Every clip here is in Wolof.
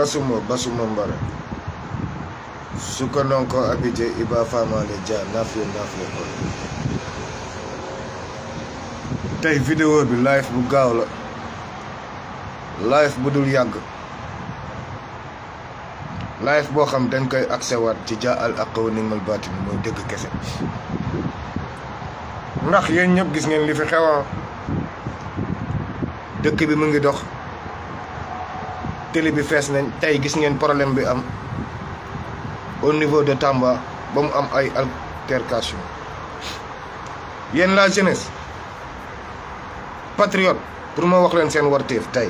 basumo basumo mbara suko nonko abije iba le ja nafio nafio ko tay video bi live bu gaaw la live bu dul live bo xam dañ koy accès wat ci ja al aqwani mal baatin mooy deug kesse ndax yeen ñep gis ngeen li fi xewa dekk bi mu ngi dox télé bi fees nañ tey gis ngeen problème bi am au niveau de Tamba ba mu am ay altercation yéen la jeunesse patriote pour ma wax leen seen warteef tey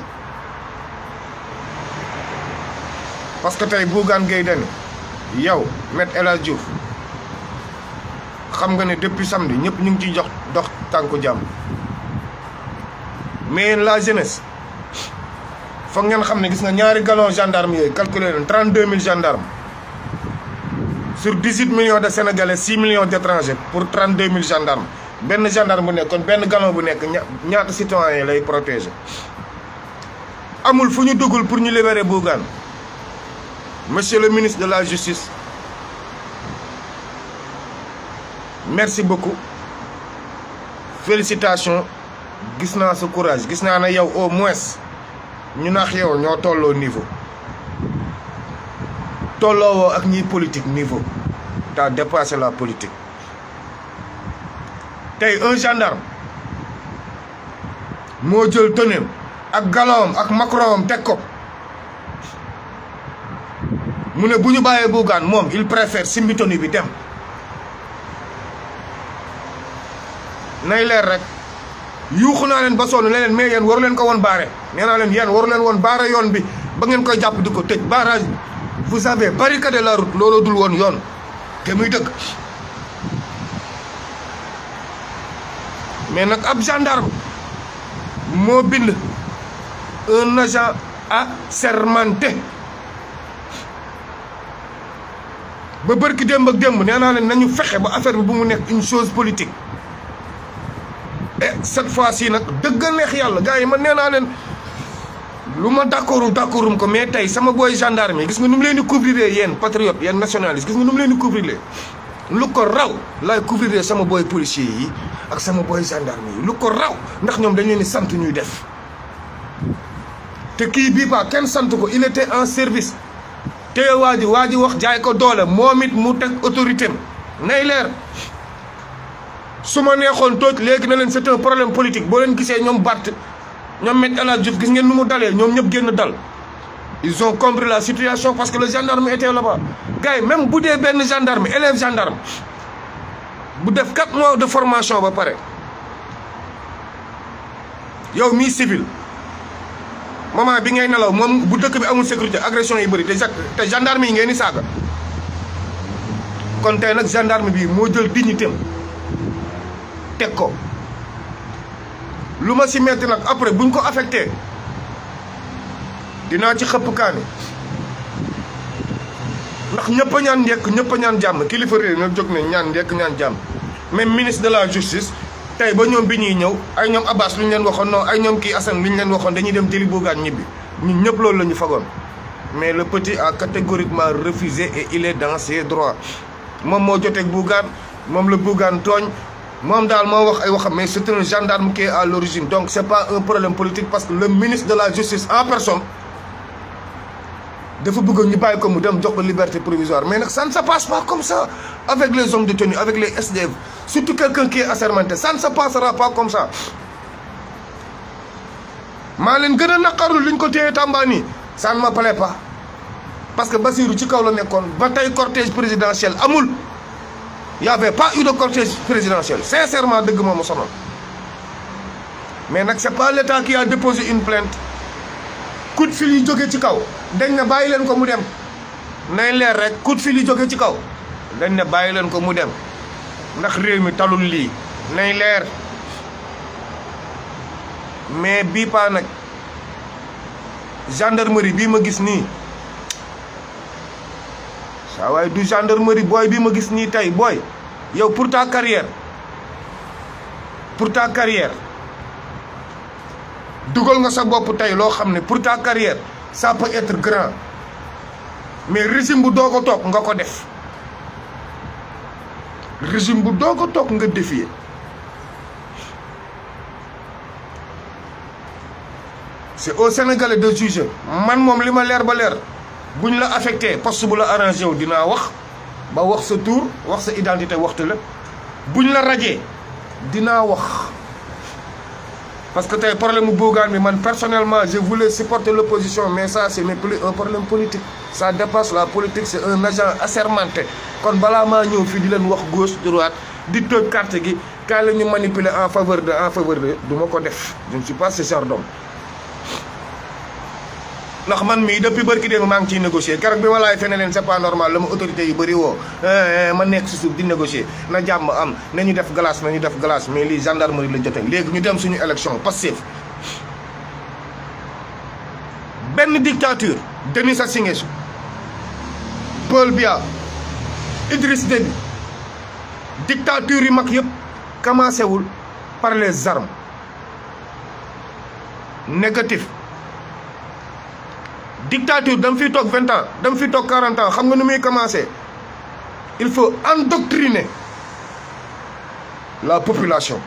parce que tey Bougane Gueye Dany yow Maître El Hadji Diouf xam nga ne depuis samedi ñëpp ñu ngi ciy jox dox tànku jàmm mais yéen la jeunesse faut que xam gis nga ñaari galon gendarme calculé 32 000 gendarmes sur 18 millions de sénégalais 6 millions d'étrangers pour 32 000 gendarmes benn gendarme un nekk kon galon bu nekk ñaata citoyens yi lay amul pour nous libérer monsieur le ministre de la justice merci beaucoup félicitations gis avons ce courage gis avons au moins. Nous avons un ñoo niveau ak politique niveau avons dépassé la politique un gendarme mo jël tëneem ak galawam ak avec teg ko ne pas mom il préfère Simbitoni bi rek yu ba nee naa leen yéen waru leen woon baara yoon bi ba ngeen koy japp di ko tëj barrage vous avez barricadé la route lolo dul won yon te muy deug mais nak ab gendarme mo bind un agent a sermenté ba barki démb ak démb nee naa nañu fexé ba affaire bi bu mu nek une chose politique et cette fois-ci nak deug neex yalla gaay man nee naa luma ma d'accordul d'accordum ko mais tay sama boy gendarme gis nga nu leni couvrir yeen patriote yeen nationaliste gis nga nu leni couvrir le lu ko raw lay couvrir sama boy policier yi ak sama boy gendarme lu ko raw ndax ñom dañ leni sante ñuy def te ki bi pa ken sante ko il était en service te waji waji wax jaay ko doole momit mu tek autorité nay leer suma neexon neexoon tooj na leen c'est un problème politique bo leen gisee ñom bàtt ñoom Me El Hadji gis ngeen nu mu dalee ñoom ñëpp génn dal ils ont compris la situation parce que le gendarme était là-bas gars yi même bu dee benn gendarme élève gendarme bu def quatre mois de formation ba pare yow mii civil moment bi ngay nelaw moom bu dëkk bi amul sécurité agression yi bëri te te gendarme yi ngeen di saaga kon tey nag gendarme bi moo jël dignité teg ko lu ma si metti nag après bu ñu ko affecté dinaa ci xëpp kaani ndax ñëpp ñaan ndekk ñëpp a ñaan jàmm kilifa réew nag jóg ne ñaan ndekk ñaan jàmm même ministre de la justice tey ba ñoom bi ñuy ñëw ay ñoom Abbas lu ñu leen waxoon non ay ñoom kii Assane lu ñu leen waxoon dañuy dem jëli boogaan ñibbi ñun ñëpp loolu la ñu fagoon mais le petit a catégoriquement refusé et il est dans ses droits moom moo joteeg boogaan moom la boogaan tooñ moom dal mais c'est un gendarme qui est à l'origine donc ce n'est pas un problème politique parce que le ministre de la justice en personne ne peut pas bàyyi comme mu liberté provisoire mais ça ne se passe pas comme ça avec les hommes détenus avec les SDF surtout quelqu'un qui est assermenté ça ne se passera pas comme ça Malin, leen gën a ça ne me plaît pas parce que Basirou, ci kaw la nekkoon ba cortège présidentiel Amoul y avait pas eu de cortège présidentiel sincèrement dëgg moom a sonal mais nag c'est pas l'État qui a déposé une plainte coup de fil yu jóge ci kaw dañ na bàyyi leen ko mu dem nay leer rek coup de fil yu jóge ci kaw dañ ne bàyyi leen ko mu dem ndax réew mi talul lii nay leer mais bii paa nag gendarmerie bii ma gis nii saway waay du gendarmerie boy bi ma gis ni tay boy yow pour ta carrière pour ta carrière dugal nga sa bop tay lo xamné pour ta carrière ça peut être grand mais régime bu doog tok nga ko def régime bu tok nga c'est au Sénégalais de juger man mom lima lèr ba lèr pour la affecté poste bu la arrangé wu dinaa wax ba wax sa tour wax sa identité waxtu la buñ la rajee dina wax parce que un problème de mais Mais man personnellement je voulais supporter l'opposition mais ça c'est n'est plus un problème politique ça dépasse la politique c'est un agent assermenté Quand on ma ñëw fi di len wax gauche droite di toj carte gi ka la ñu manipuler en faveur de en faveur de mon je ne suis pas ce genre d'homme ndax man mii depuis barki démb maa ngi ciy négocier keroog bi ma laay fene leen c'est pas normal la ma autorité yu bëri woo eh, eh, ma nekk si suuf di négocier na jàmm am na ñu def glace na ñu def glace mais lii gendarmerie la jote léegi ñu dem suñu élection passif benn dictature Denis Sassou Nguesso Paul Biya Idriss Déby dictature yu mag yëpp commencé wul par les armes négatif dictature dama fiy 20 20 ans suis fiy 40 40 ans xam nga commencé il faut endoctriner la population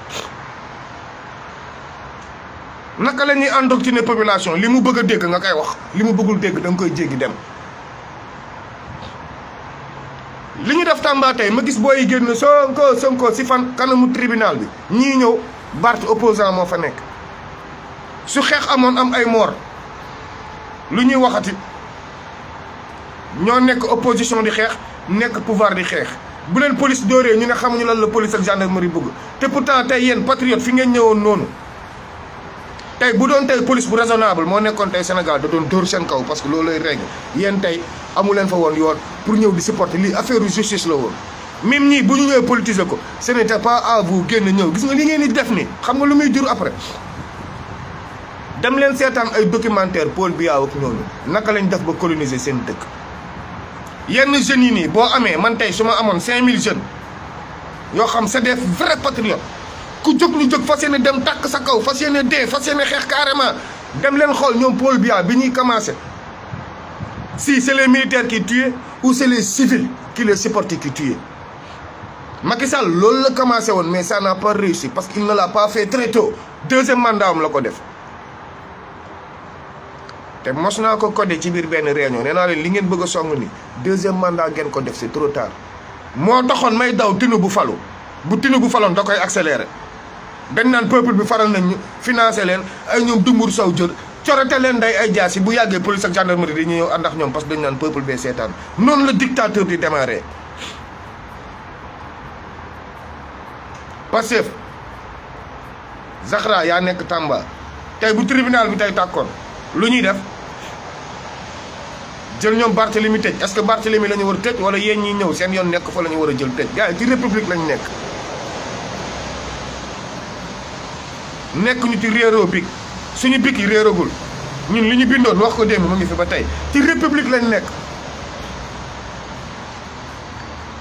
naka la endoctriner endoctriner population limu bëgg dégg nga kay wax limu bëggul dégg on koy jéggi dem Liñu def Tamba tay, ma gis yi si tribunal bi Ñi ñew barte opposant mo fa nek. su xex amone am ay nous waxati opposition di pouvoir Si vous bu une police dorée, nous ne le lan la police ak gendarmerie te pourtant vous, patriotes, patriote fi ngeen tay bu police bu raisonnable Sénégal da parce que loolu lay tay pour nous supporter justice même si bu ñu ce n'était pas à vous de gis après dem len seetaan ay documentaire Paul Biya ak ñooñu naka lañ def ba coloniser seen dëkk yenn jeunes ni bo amé man tay suma amone 5000 jeunes yoo xam c'est des vrais patriotes ku jóg lu jóg fas dem tak sa kaw fas dé dee xex carrément dem len xol ñom Paul Biya biñuy commencé si c'est les militaires qui tuent ou c'est les civils qui les supporté qui tuent. Macky Sall loolu la commencé won mais ça n'a pas réussi parce qu'il ne l'a pas fait très tôt deuxième mandat am la ko def. te mos naa ko codé ci biir benn réunion nee naa leen li ngeen bëgg a song ni deuxième mandat ngeen ko def si trop moo taxoon may daw tinu bu falu bu tinu bu faloon da koy accéléré dañ naan peuple bi faral nañ ñu financé leen ay ñoom dumbur saw jër corote leen day ay jaas yi bu yàggee police ak gendarmerie dañuy ñëw ànd ak ñoom parce que dañ naan peuple bee seetaan noonu la dictateur di démarré Pastef Zahra yaa nekk Tamba tey bu tribunal bi tey tàkkoon lu ñuy def jël ñoom Barthélemy tej est ce que Barthélemy la ñu tej wala yeen ñi ñew seen yoon nekk fa lañu ñu a jël tej gaay ci république lañu nekk nekk ñu ci réro big suñu bik yi gul ñun liñu bindoon wax ko dem mu ngi fi ba tay ci république lañu nekk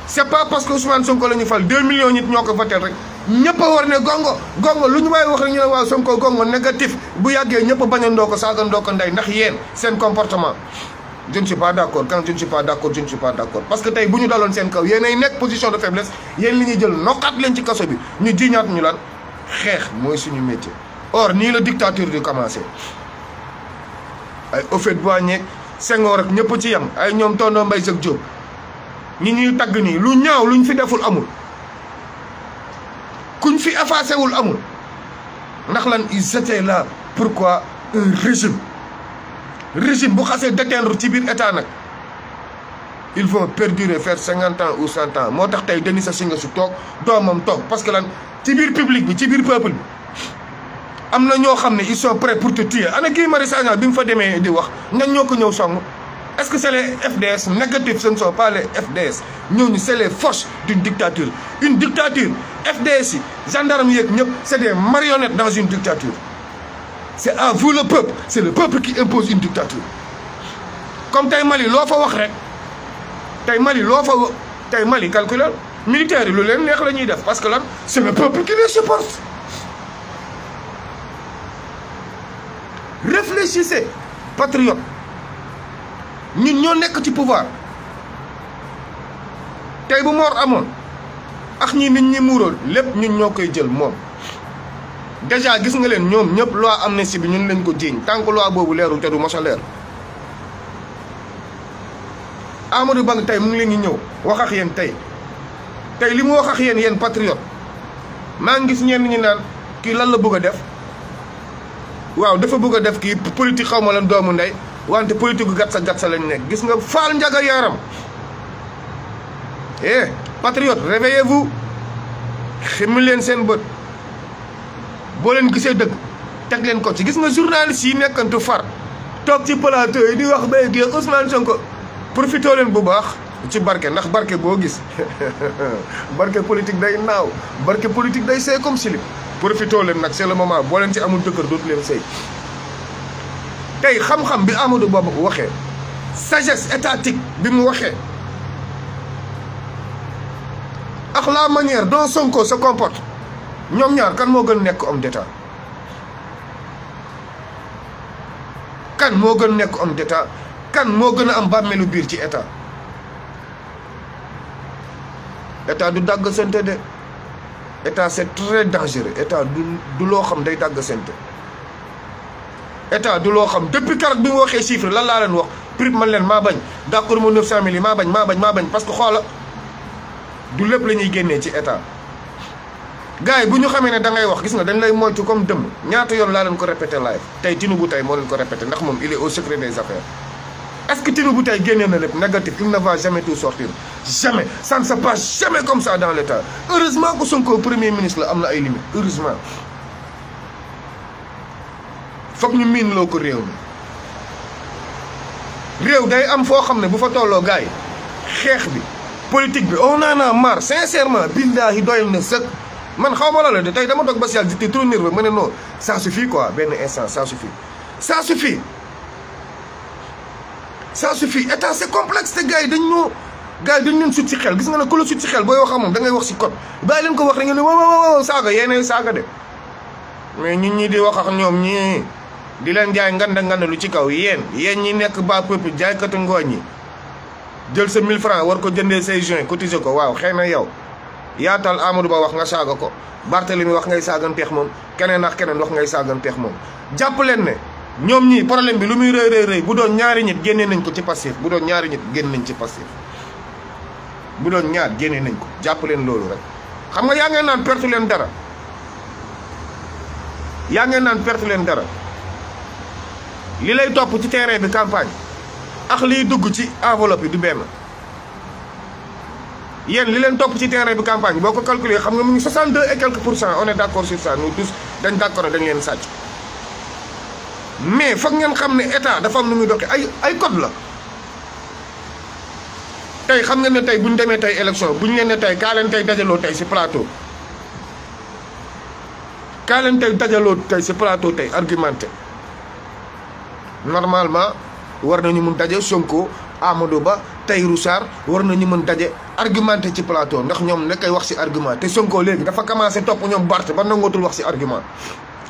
c'est pas parce que Ousmane Sonko lañu fal 2 millions nit ñoko voter rek ñepp war ne gongo gongo luñu may wax ñu ne waaw Sonko gongo négatif bu yagge ñepp bañandoko sagandoko nday ndax yeen sen comportement je ne suis pas d' accord quand je ne suis pas d' accord je ne suis pas d' accord parce que tey bu ñu daloon seen kaw yéen ay nekk position de faiblesse yéen li ñuy jël nokkaat leen ci kaso bi ñu jiñaat ñu lan xeex mooy suñu métier. or nii la dictature di commencé ay Houphouët-Boigny Senghor ak ñëpp ci yam ay ñoom Tonton Mbaye Jacques Diop ñi ñuy tagg nii lu ñaaw luñ fi deful amul kuñ fi effacé wul amul ndax lan ils étaient là pourquoi un régime. régime bu xasee déteindre ci biir état ils vont perdurer faire 50 ans ou 100 ans moo tax tey Denis Sassou Nguesso toog parce que lan ci biir public bi ci biir peuple am ils sont prêts pour te tuer ana Guy Marius Sagna bi fa demee di wax est-ce que c'est les FDS négatifs ce ne sont pas les FDS Nous, c'est les forces d'une dictature une dictature FDS yi gendarme c'est des marionnettes dans une dictature c'est à vous le peuple c'est le peuple qui impose une dictature comme Taïmali, Mali Taïmali, militaire parce que là, c'est le peuple qui les supporte réfléchissez patriotes. Nous, ñoo nekk ci pouvoir Taïmali, mort à moi. ak ñi nit ñi déjà gis nga len ñom ñep loi amnesty bi ñun lañ ko jiiñ tank loi bobu leeru te du ma sa leer amadou bang tay mu ngi leen di ñëw wax ak yeen tay tay limu wax ak yeen yeen patriote ma ngi gis ñen ñi naan ki lan la bëgg def waaw dafa bëgg def ki politique xawma lan doomu ndey wante politique gatsa gatsa lañ nek gis nga faal njaga yaram eh patriote réveillez vous ximu leen seen boo leen gisee dëgg teg leen ko ci gis nga journaliste yi nekkantu far toog ci plateau yi di wax bay gi Ousmane Sonko profitoo leen bu baax ci barke ndax barke boo gis barke politique day naaw barke politique day seey comme silib profitoo leen nag c'est le moment boo leen ci amul jëkkër dootu leen sëy tey xam-xam bi Amadou Ba waxee sagesse étatique bi mu waxee ak la manière dont Sonko sa comporte ñom ñaar kan mo gën nek homme d'état kan mo gën nek homme d'état kan mo gën am bàmmeelu bir ci état état du dag sente de état c'est très dangereux état du du lo xam day dag sente état du lo xam depuis karak bi mo waxee chiffre lan la leen wax prix man len ma bañ d'accord mo 900000 ma bañ ma bañ ma bañ parce que xoola du lepp lañuy génné ci état gars nous xamé né da ngay wax gis nga dañ lay comme yoon répété live tay il est au secret des affaires est-ce que na négatif il ne va jamais tout sortir jamais ça ne se passe jamais comme ça dans l'État heureusement que Sonko premier ministre la amna heureusement ñu que nous réew réew day am bu fa gars politique on en a marre sincèrement man xaw ma la de tey dama toog ba si yàgg j'étais trop nerveux ma ne non ça suffit quoi benn instant ça suffit ça fi ça suffit état c'est complexe te gars yi dañ ñoo gars dañ leen sut si xel gis nga ne ku sut si xel booy wax ak da ngay wax si code bàyyi leen ko wax da ngeen ne waaw waaw waaw saaga yéenay saaga de mais ñun ñi di wax ak ñoom ñii di leen jaay nganda nganda lu ci kaw yéen yéen ñi nekk baa peuple jaaykatu ngoo ñi jël sa 1000 francs war ko jëndee say juin cotiser ko waaw xëy na yow yaatal amadou ba wax nga saga ko barthélemy wax ngay sagan peex mom kenen ak kenen wax ngay sagan peex mom japp len ne ñom ñi problème bi lu muy rëy rëy rëy bu doon ñaari nit génnee nañ ko ci passif bu doon ñaari nit génn nañ ci passif bu doon ñaar génnee nañ ko japp len lolu rek xam nga ya nga nan perte len dara ya nga nan perte len dara li lay top ci terrain bi campagne ak li dugg ci enveloppe du benn yéen li leen topp ci terrain bi campagne boo ko calculé xam nga mu ngi 62 et quelques pour cent on est d' accord sur ça dañ d' accord dañ leen sàcc mais foog ngeen xam ne état dafa am lu muy doxe ay ay code la tey xam nga ne tey bu ñu demee tey élection bu ñu leen ne tey kaa leen tey dajaloo tey si plateau kaa leen tey dajaloo tey si plateau tey argumenté normalement war nañu mun daje Sonko amado Ba. Tahirou Sarr war nañu mën dajé argumenté ci plateau ndax ñom nekkay wax ci argument té Sonko léegi dafa commencé top ñom bart ba nangotul wax ci argument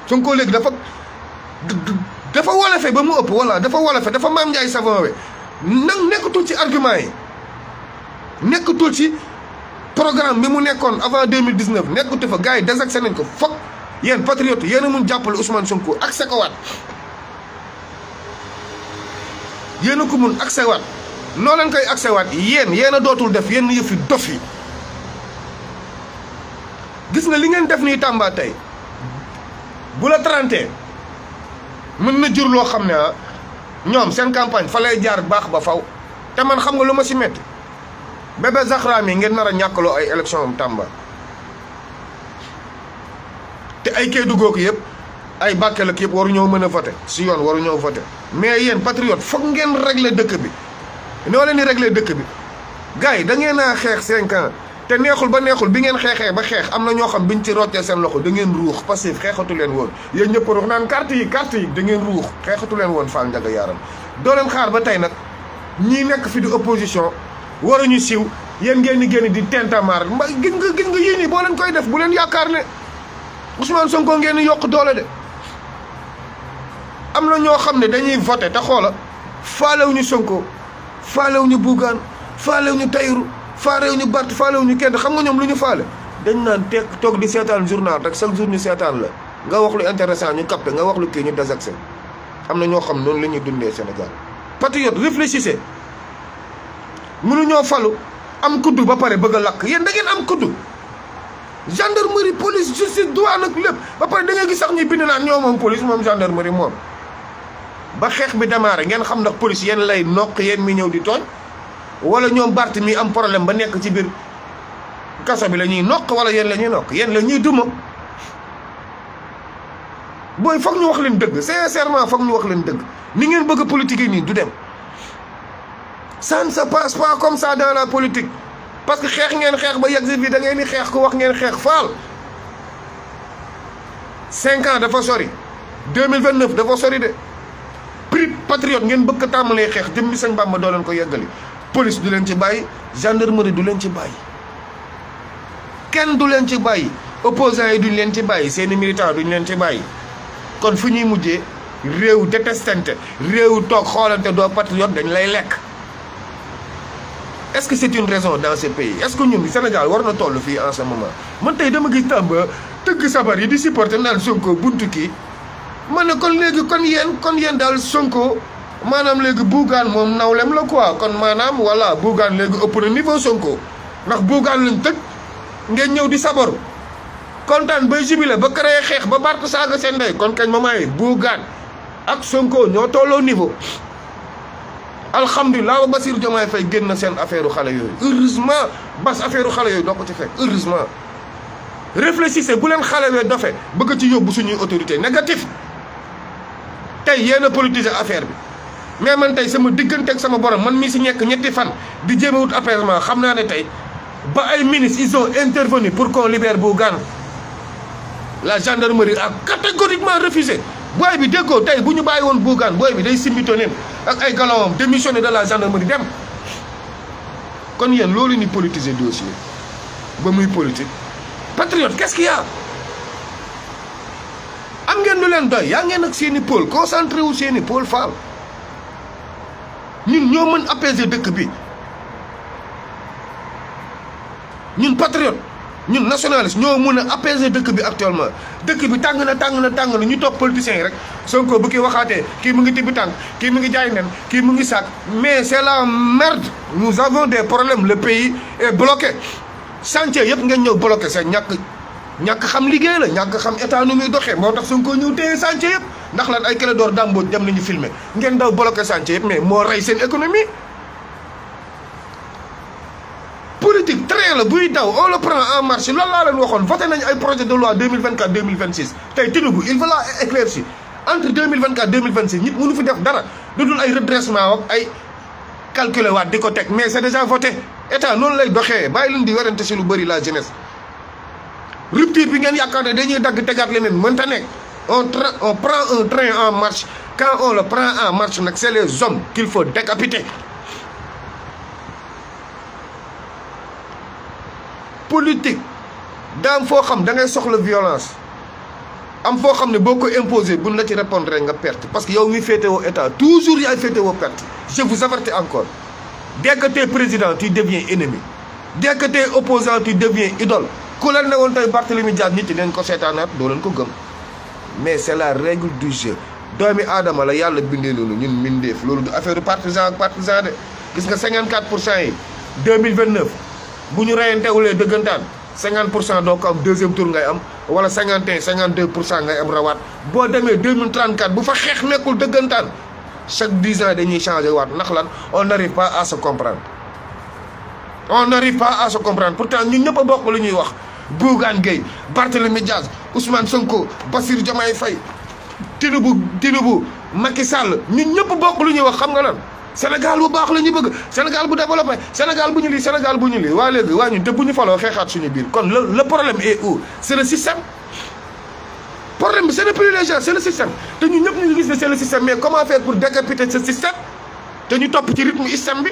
Sonko léegi dafa dafa wala wolofé ba mu upp wala dafa wolofé dafa mam Ndiaye savon wé nang nekkatul ci argument yi nekkatul ci programme bi mu nekkoon avant 2019 nekkatu fa gaay yi désaxé nañ ko foog yeen patriote yeen mu jappal Ousmane Sonko ak Sekowaat yéen a ko mu ak Sekowaat noo leen koy accès waat yéen yéen a dootul def yéen yëfi yi dof yi gis nga li ngeen def nii Tamba tey bu la trente mën na jur loo xam ne ah, ñoom seen campagne fa lay jaar baax ba faw te man xam nga lu ma si métti bébé Zahra mi ngeen nar a ñàkkaloo ay élection am Tamba te ay Kédougou ko yëpp ay Bakel ak yëpp waru ñëw mën a voté si yoon waru ñëw voté mais yéen patriote foog ngeen regle dëkk bi noo leen di réglé dëkk bi gars yi da ngeen a xeex cinq ans te neexul ba neexul bi ngeen xeexee ba xeex am na ñoo xam biñ ci roccee seen loxo da ngeen ruux passif xeexatu leen woon yéen ñëpp ruux naan carte yi carte leen woon Fall Ndiaga Yaram doo leen xaar ba tey nag ñii nekk fi di opposition waruñu siiw yéen ngeen di génn di tentamar mba gis nga gis nga yii koy def bu yaakaar ne Ousmane Sonko ngeen di yokk doole na ñoo xam ne dañuy voté te xoola faalewuñu Sonko faalew ñu buugaan faalew ñu tayru faalew ñu bart faalew ñu kenn xam nga ñoom lu ñu faale dañ naan teg toog di seetaan journal rek chaque jour ñu seetaan la nga wax lu intéressant ñu capté nga wax lu kii ñu désaxé am na ñoo xam noonu la ñuy dundee Sénégal patriote réfléchissez mënuñoo falu am kuddu ba pare bëgg a lakk yéen da ngeen am kuddu gendarmerie police justice douane ak lépp ba pare da gis sax ñuy bind naa naan ñoo moom police moom gendarmerie moom ba xex bi démarré ngeen xam nak police yeen lay nok yeen mi ñew di tooñ wala ñom barti mi am problème ba nek ci bir kasso bi la nok wala yeen la nok yeen lañuy duma boy foog ñu wax leen deug sincèrement ñu wax leen deug ni ngeen bëgg politique ni du dem ça ne se passe pas comme ça dans la politique parce que xex ngeen xex ba yegg si bi da ngeen ni xex ko wax ngeen xex 5 ans dafa sori 2029 dafa sori de patriote ngeen bëgg tàmmalee xeex jëm bi sañ Bàmba doo leen ko yeggali police du leen ci bàyyi gendarmerie du leen ci bàyyi kenn du leen ci bàyyi opposants yi duñ leen ci bàyyi seeni militants duñ leen ci bàyyi kon fu ñuy mujjee réew détestante réew toog xoolante doo patriote dañu lay lekk est-ce que c'est une raison dans ce pays est-ce que ñun Sénégal war na toll fii en ce moment man tey dama gis tàmba tëgg sabar yi di supporter naan Sonko buntu kii mané kon légui kon yeen kon yeen dal Sonko manam légui mom nawlem la quoi kon manam wala bugan légui ëpp na niveau Sonko nak buugaan lañ tekk ngeen ñew di sabor kontane bay jubilé ba créé xex ba saga sen day kon kañ mamay maye ak Sonko ño tolo niveau. alhamdullilah ba basir jomay fay genn na sen affaireu xalé yoy heureusement bas affaireu xalé yoy doko ci fekk heureusement réfléchissez bu xalé xalewee dofé bëgg ci yobbu suñu autorité négatif tey yéen a politiser affaire bi mais man tey sama diggante ak sama borom man mii si ñekk ñetti fan di jéem a wut xam naa ne tey ba ay ministres ils ont intervenu pour qu'on libère Bougane la gendarmerie a catégoriquement refusé booy bi déggoo tey bu ñu bàyyi woon Bougane booy bi day simbi tonneem ak ay galawam démissionné de la gendarmerie dem kon yéen loolu ni politiser dossier ba muy politique patriote qu'est-ce qu'il am ngeen lu leen doy yaa ngeen ak seen i pôle concentré wu seen i pôle faal ñun ñoo mën apaiser dëkk bi ñun patriote ñun nationaliste ñoo mën a apaiser dëkk bi actuellement dëkk bi tàng na tàng na tàng na ñu topp politiciens yi rek Sonko bu kii waxaatee kii mu ngi tibbi tànk kii mu ngi jaay nen kii mu ngi sàkk mais c'est la merde nous avons des problèmes le pays est bloqué chantier yëpp ngeen ñëw bloqué seen ñàkk ñàkk xam liggéey la ñàkk xam état nu muy doxee moo tax Sonko ñëw téye chantier yëpp ndax lan ay Clédor Dambodj dem nañu filmer ngeen daw bloqué chantier yëpp mais moo rey seen économie. politique train la buy daw on le prend en marche lan laa leen waxoon voté nañu ay projet de loi 2024 tey Tinubu il va la éclaircir entre 2024 2026 nit fi def dara du dul ay redressement ak ay calculer waat di ko teg mais c'est déjà voté état noonu lay doxee bàyyi leen di werante si lu bëri la rupture bi ngeen de dañuy le ta nek on on prend un train en marche quand on le prend en marche c'est les hommes qu'il faut décapiter politique daam fo xam da ngay soxla violence am fo xam ne pas ko répondre buñ la ci répondre nga perte parce que yow mi au état toujours fété au perte je vous avertis encore dès que tu es président tu deviens ennemi dès que tu es opposant tu deviens idole ku leen ne woon tey Barthélemy Diaz nit yi neen ko seetaanaat do leen ko gëm mais c'est la règle du jeu doomi aadama la yalla bindé lolu ñun mindeef lolu du affaire partisan ak partisan de gis nga 54 2029 bu ñu wulé dëggantaan 50 donc cent deuxième tour ngay am wala 51 52 ngay am rawat bo démé 2034 bu fa xex nekul dëggantaan chaque 10 ans dañuy changer wat nak lan on n'arrive pas à se comprendre on n'arrive pas à se comprendre pourtant ñun ñëpp a bokk lu ñuy wax Bougane Gueye Barthélémy Diaz Ousmane Sonko Bassirou Diomaye Faye Tinubu Tinubu Macky Sall ñun ñëpp bokk lu ñuy wax xam nga lan Sénégal bu baax la ñu bëgg Sénégal bu développé Sénégal bu ñu lii Sénégal bu ñu lii waa léegi waa ñu te bu ñu faloo xeexaat suñu biir kon le problème est où c'est le système problème bi c'est le privilégié c'est système te ñu ñëpp ñu ngi gis ne c'est le système mais comment faire pour décapiter ce système te ñu topp ci rythme système bi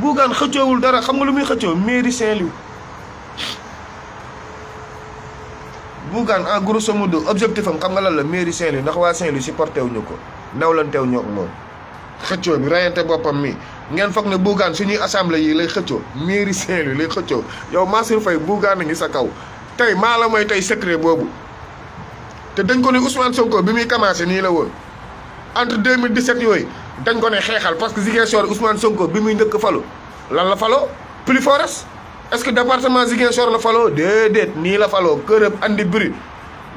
bugan xëccewul dara xam nga lu muy xëccew mairie Saint-Louis bugan en grosso modo objectif am xam nga lan la mairie Saint-Louis ndax wa Saint-Louis supporté wuñu ko nawlantew ñoo ak moom xëccew bi rayanté bopam mi ngeen fakk ne bugan suñu assemblée yi lay xëccew mairie Saint-Louis lay xëccew yow Mansour fay bugan ngi sa kaw tay ma la mooy tay secret bobu te dañ ko ne Ousmane Sonko bi muy commencé ni la woon entre 2017 yoy dañ parce que Ziguinchor Ousmane Sonko bi muy falo lan la falo plus forest est-ce que département Ziguinchor la falo déedéet ni la falo que andi bruit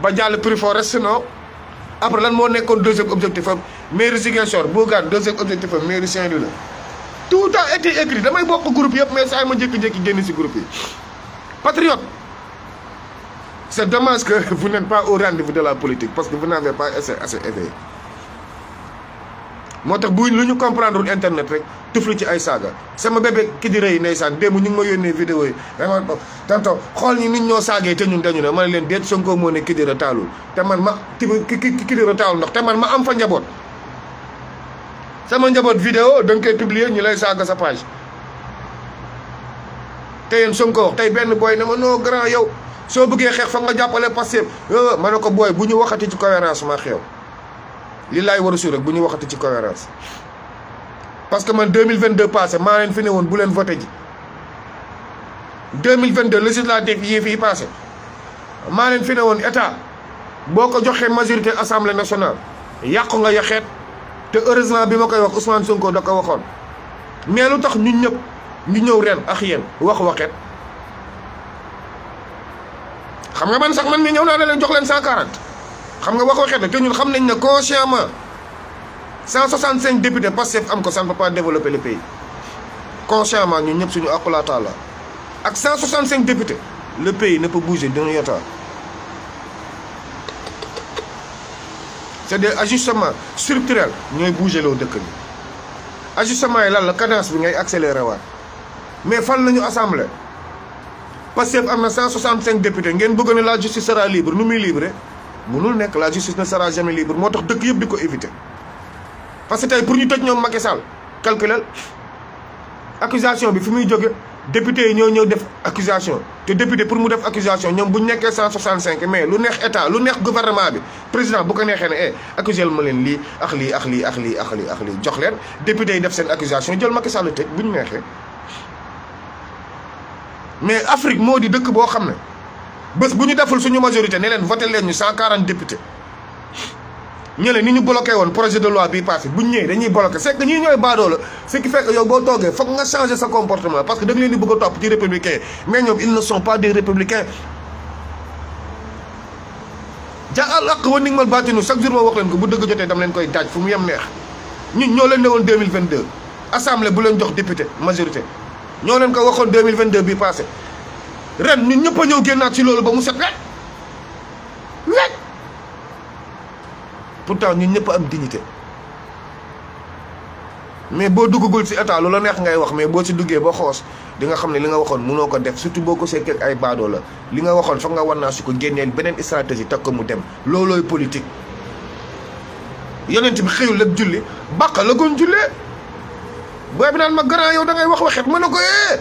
ba jall plus forest sinon après lan mo nekkoon deuxième objectif am mairie Ziguinchor deux objectifs deuxième objectif mairie Saint-Louis tout a été écrit damay bokk groupe mais ça ma jékki-jékki génn groupe yi patriote c'est dommage que vous n'êtes pas au rendez-vous de la politique parce que vous n'avez pas assez assez éveillé moo tax bu lu ñu comprendre internet rek tufli ci ay saaga sama bébé ki di rëy ndeysaan démb ñu ngi ma yónnee vidéo yi dama tonton xool ñi nit ñoo saagee te ñun dañu ne man ne leen déet Sonko moo ne ki di retaalul te man ma ki di retaalul ndox te man ma am fa njaboot sama njaboot vidéo da koy publier ñu lay saaga sa page te yéen Sonko wax tey benn booy ne ma non grand yow soo bëggee xeex fa nga jàppale Pastef euh, ma ne ko booy bu ñu waxati ci cohérence ma xew li laay war rek bu ñu waxati ci cohérence parce que man 2022 passé maa leen fi ne woon bu leen voté ji 2022 législative yii fii passé maa leen fi ne woon état boo ko joxee majorité assemblée nationale yàqu nga yaxeet te heureusement bi ma koy wax Ousmane Sonko da ko waxoon mais lu tax ñu ñëpp ñu ñëw ren ak yéen wax waxet xam nga man sax man mi ñëw naa ne leen jox leen 140. xam nga waxo nous na ñun xam nañ consciemment 165 députés que am ça ne peut pas développer le pays consciemment nous ñep suñu akulaata la ak 165 députés le pays ne peut bouger d'un iota. c'est des ajustements structurels ñoy bouger le dëkk bi ajustement yi la cadence bi ngay mais nous nous assembler. parce que 165 députés ngeen bëgg ne la justice sera libre nous sommes libre munul nek la justice ne sera jamais libre motax deuk yeb diko éviter parce que tay pour ñu tej ñom Macky Sall calculel accusation bi fi muy député ñoo ñëw def accusation te député pour mu def accusation ñom bu ñu 165 mais lu neex état lu neex gouvernement bi président bu ko neexee né eh accusé ma leen lii ak lii ak lii ak ak ak jox leen député def sen accusation jël Macky Sall tej bu ñu mais Afrique modi deuk bo xamné bés buñu ñu deful suñu majorité ne len voté len ñu 140 députés ñëlé ni ñu bloqué woon projet de loi bi passé buñ ñëw dañuy bloqué c'est que ñi ñoy baadoo la ce qui fait que yow boo toogee foog nga changer sa comportement parce que da leen di bëgg top ci républicain mais ñoom ils ne sont pas des républicains. ja al ak wa nig mal baatinu chaque jour ma wax leen ko bu dëgg jotté dam leen koy daj fu mu yam neex ñun ñoo leen ne 2022 assemblée bu leen jox député majorité ñoo leen ko waxon 2022 bi passé ren ñun ñëpp a ñëw génnaat ci loolu ba mu set rek rek pourtant ñun ñëpp am dignité mais boo duggagul ci état lu la neex ngay wax mais boo ci duggee ba xoos di nga xam ne li nga waxoon mënoo ko def surtout boo ko sekkee ay baadoo la li nga waxoon foog nga war naa si ko génneel beneen stratégie teg ko mu dem loolooy politique yonent bi xëyul ak julli bàqa la goon jullee booy bi naan ma grand yow da ngay wax waxet mën na ko ee eh!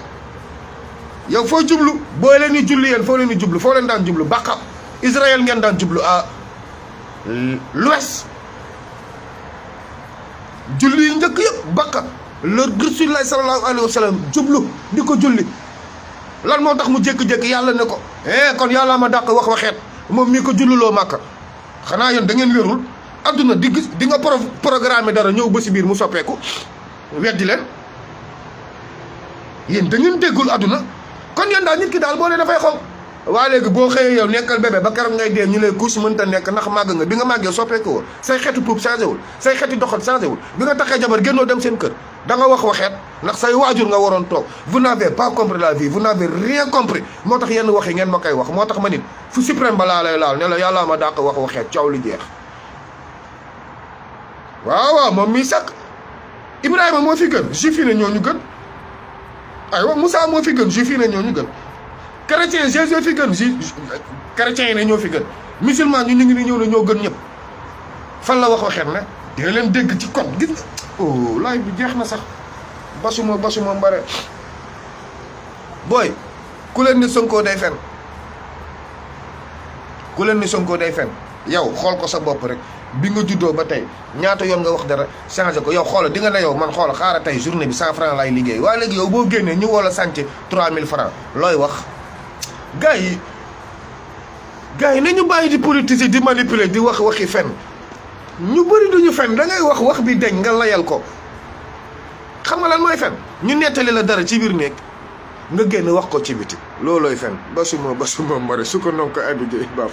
yow fo djublu bo len ni djulli yéen fo len ni djublu fo len dan djublu Baqa Israël ngeen dan djublu à ah, l'ouest djulli yi njëkk yëpp Baqa le Rasulullah sallallahu alayhi wasallam djublu diko djulli lan moo tax mu djek djek yalla ne ko eh kon yalla ma dak wax waxet mom mi ko lo makka xana yon da ngeen wérul aduna di gis di nga programmer dara ñew ba ci bir mu soppeku weddi len yéen da ngeen déggul kon yéen daal nit ki daal boo nee dafay xonq waa léegi boo xëyee yow nekkal bébé ba keroog ngay dee ñu lay couche mënta nekk ndax màgg nga bi nga màggee soppeeku woo say xeetu puub changé wul say xeeti doxal changé wul bi nga taxee jabar génnoo dem seen kër da nga wax waxeet ndax say waajur nga waroon toog vous n'avez pas compris la vie vous n'avez rien compris moo tax yenn wax yi ngeen ma koy wax moo tax ma nit fu suprême ba laa lay laal ne la yàllaa ma daa ko wax waxeet coow li jeex waaw moo fi gën ñoo ñu gën aywa Moussa moo fi gën juif yi ne ñoo ñu gën chrétien Jésus fi gën ju chrétien yi ne ñoo fi gën musulman ñu ñu ngi ni ñëw ne ñoo gën ñëpp fan la wax waxeet na dina leen dégg ci code gis nga oh laay bi jeex na sax basuma basuma mbare booy ku leen ni Sonko day fen ku leen ni Sonko day fen yow xool ko sa bopp rek bi nga juddoo ba tey ñaata yoon nga wax dara changé ko yow xoola dinga nga ne yow man xoola xaaral tey journée bi 100 francs lay liggéey waaye léegi yow boo génnee ñu wala sànc 3000 francs looy wax gars yi gars yi nañu bàyyi di politiser di manipuler di wax waxi fen ñu bëri duñu fen da ngay wax wax bi deñ nga layal ko xam nga lan mooy fen ñu nettali la dara ci biir néeg nga génn wax ko ci biti loolooy fen basuma basuma mare su ko noonu ko abidé ba